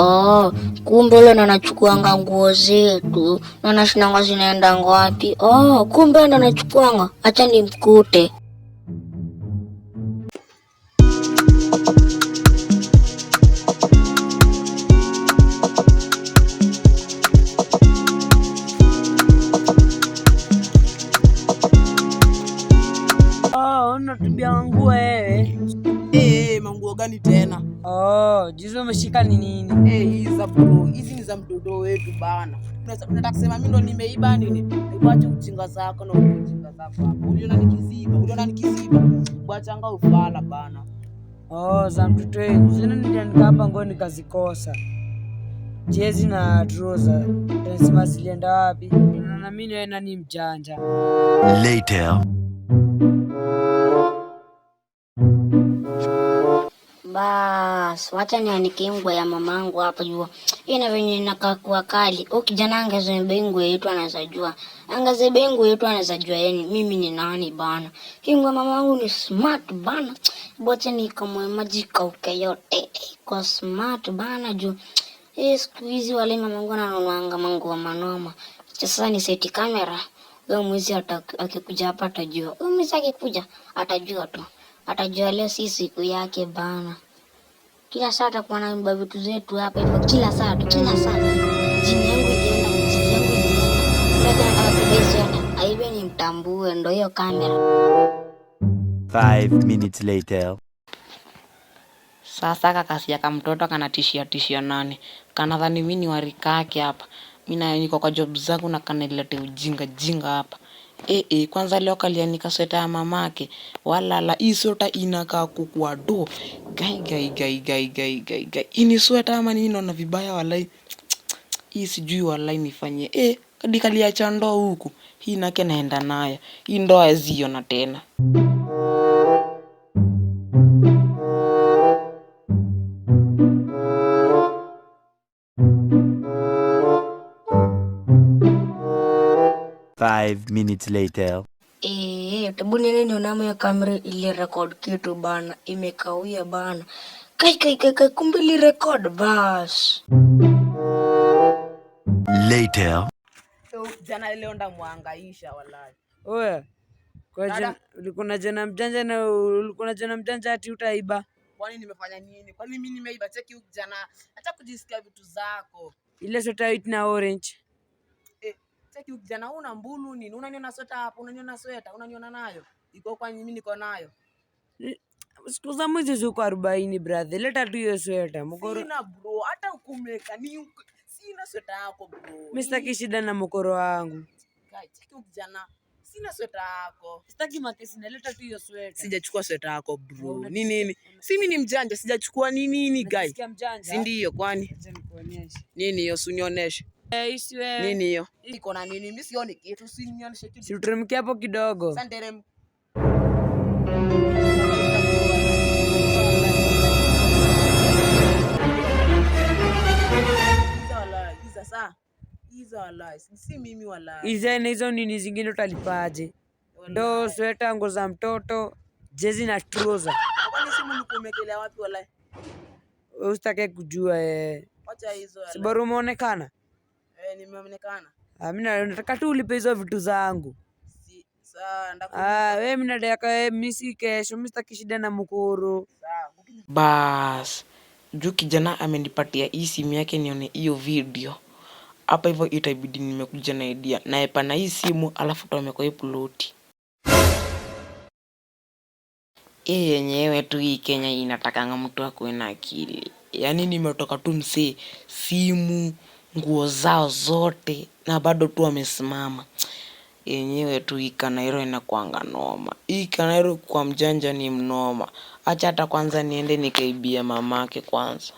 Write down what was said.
Oh, kumbe yule ndo nguo zetu na anashinanga zinaenda wapi? Oh, kumbe ndo acha nimkute. Oh, unatubia nguo wewe. Eh, manguo gani tena? Oh, juzi umeshika ni nini? Eh, hizi za bro, hizi ni za mdodo wetu bana. Tunataka kusema mimi ndo nimeiba nini? Niache uchinga zako na uchinga zako hapo. Uliona nikiziba, uliona nikiziba. Bwachanga ufala bana. Oh, za mtoto wetu. Zina niliandika hapa ngo nikazikosa. Jezi na trouser. Christmas zilienda wapi? Naamini wewe nani mjanja. Later. Bas, wacha nianike ngwe ya mamangu hapa jua. Ina venye inakaa kwa kali. O kijana angazebe bengwe yetu anaweza jua. Angazebe bengwe yetu anaweza jua yani mimi ni nani bana. Kingwe mamangu ni smart bana. Bote ni kama maji kauke yote. Kwa smart bana juu. Eh, siku hizi wale mamangu ananuanga mangu wa manoma. Sasa ni seti kamera. Leo mwizi akikuja hapa atajua. Mwizi akikuja atajua tu. Atajua leo si siku yake bana. Kila saa atakuwa anaiba vitu zetu hapa hivyo, kila saa tu, kila saa chini yangu ikienda, chini yangu ikienda, nataka kubesi aibe ah, nimtambue, ndo hiyo kamera. Five minutes later. Sasa kakasia kamtoto kanatishia tishia nani, kanadhani mimi ni warika yake hapa. Mimi naye niko kwa job zangu na kanilete ujinga jinga hapa ee, kwanza leo kalianika sweta ya mamake, walala, hii sweta inakaa kukua do gai gai gai gai gai gai gai, ini sweta ama nini? Naona vibaya walai, hii sijui walai nifanye eh, kadi kaliacha ndoo huku, hii nake naenda naye, hii ndoa ziona tena. five minutes later. Eh, tebu nene nionamu ya kamera ili record kitu bana, imekawia bana. Kai kai kai kai, kumbe ili record bas. Later. So, Jana leo ndamwangaisha walai. Oe. Ulikuwa na jana mjanja na ulikuwa jana mjanja ati utaiba. Kwani nimefanya nini? Kwani mimi nimeiba? Cheki huku jana, acha kujisikia vitu zako. Ile soda na orange cheki kijana huyu na mbulu nini, unaniona sweta hapo, unaniona sweta, unaniona nayo iko kwa mimi, niko nayo siku za mwizi ziko arobaini. Brother, leta tu hiyo sweta mkoro. Sina bro, hata ukumeka ni sina sweta yako bro. Mimi sitaki shida na mkoro wangu. Cheki kijana Sina sweta yako. Sitaki makesi na leta tu hiyo sweta. Sijachukua sweta yako bro. Ni nini? Si mimi ni mjanja, sijachukua ni nini guy? Si ndio kwani? Nini hiyo usinionyeshe. Eh, eh, nini hiyo? Iko na nini? Mimi sioni kitu. Si uteremke hapo kidogo. Sasa Hizo nini zingine utalipaje? Ndo sweta, nguo za mtoto, jezi na trouser. Usitake kujua eh. Sibaru umeonekana Eh, nimeonekana. Ah, mimi nataka tu ulipe hizo vitu zangu. Ah, wewe mimi nadaka eh, mimi si kesho, mimi sitaki shida na mukuru. Bas, juu kijana amenipatia hii simu yake nione hiyo video hapa, hivyo itabidi nimekuja na idea naepana hii simu, alafu tameko hii ploti hii yenyewe tu. Hii Kenya inatakanga mtu akuwe na akili, yaani nimetoka tu msee simu nguo zao zote na bado tu wamesimama yenyewe tu ikanairo inakwanga noma ikanairo kwa mjanja ni mnoma hacha hata kwanza niende nikaibia mamake kwanza